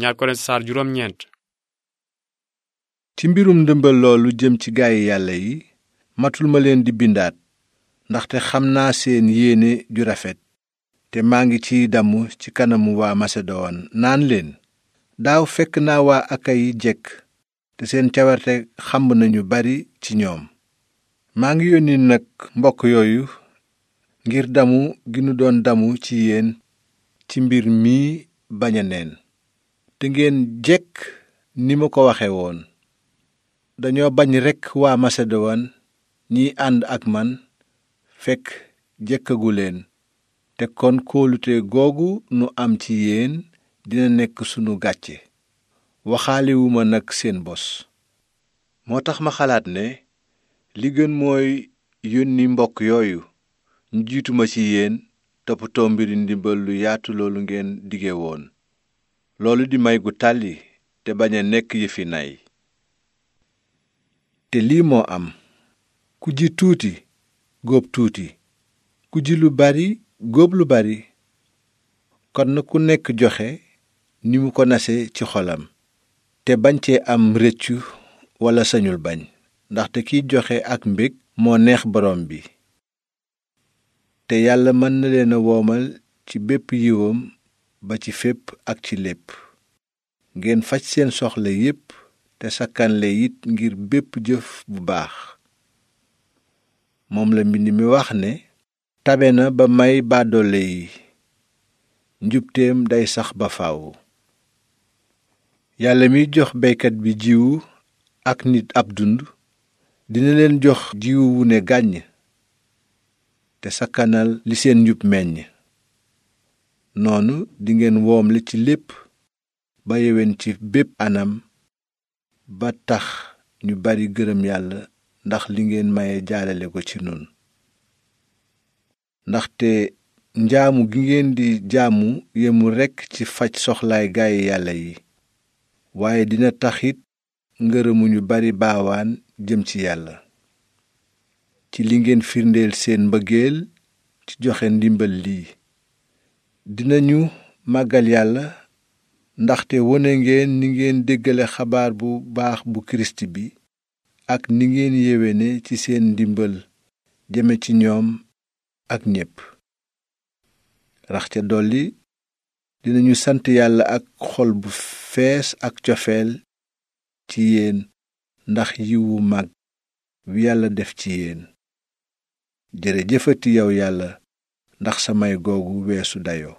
ñaar Korint saar ci mbirum ndëmbal loolu jëm ci gaay yàlla yi matul ma leen di bindaat ndaxte xam naa seen yéene ju rafet te maa ngi ciy damu ci kanamu waa masedowan naan leen daaw fekk naa waa akayi jekk te seen cawarte xamb nañu bari ci ñoom maa ngi yónni nag mbokk yooyu ngir damu gi nu doon damu ci yéen ci mbir mii bañ a neen te ngeen jekk ni ma ko waxe woon dañoo bañ rekk waa maseduwaan ñiy ànd ak man fekk jekkaguleen te kon kóolute googu nu am ci yéen dina nekk sunu gàcce waxaalewuma nag seen bos moo tax ma xalaat ne li gën mooy yónni mbokk yooyu ñu jiituma ci yéen toppatoo mbiri ndimbal lu yaatu loolu ngeen dige woon loolu di may gu tàlli te bañ a nekk yëfi nay te lii moo am ku ji tuuti góob tuuti ku ji lu bari góob lu bari kon na ku nekk joxe ni mu ko nase ci xolam te bañ cee am rëccu walla sañul bañ ndaxte kiy joxe ak mbég moo neex borom bi te yàlla mën na leen a woomal ci bépp yiwam ba ci fépp ak ci lépp ngeen faj seen soxla yépp te sakkanle it ngir bépp jëf bu baax moom la mbind mi wax ne tabe na ba may baadoole yi njubteem day sax ba faaw yàlla miy jox baykat bi jiwu ak nit ab dund dina leen jox jiwu wu ne gàññ te sakkanal li seen njub meññ noonu dingeen woomle ci lépp ba yewen ci bépp anam ba tax ñu bari gërëm yàlla ndax li ngeen maye jaalale ko ci nun ndaxte njamu gi ngeen di jaamu yemul rekk ci faj soxlaay gaay yàlla yi waaye dina taxit ngërëmu ñu bari baawaan jëm ci yàlla ci li ngeen firndeel seen mbëggeel ci joxe ndimbal lii dina ñu màggal yàlla ndaxte wone ngeen ni ngeen déggale xabaar bu baax bu kirist bi ak ni ngeen yéwéne ci seen ndimbal jëme ci ñoom ak ñépp rax ca dolli dinañu sant yàlla ak xol bu fees ak cofeel ci yéen ndax yiwu mag wi yàlla def ci yéen jërëjëfati yow yàlla ndax samay may googu weesu dayoo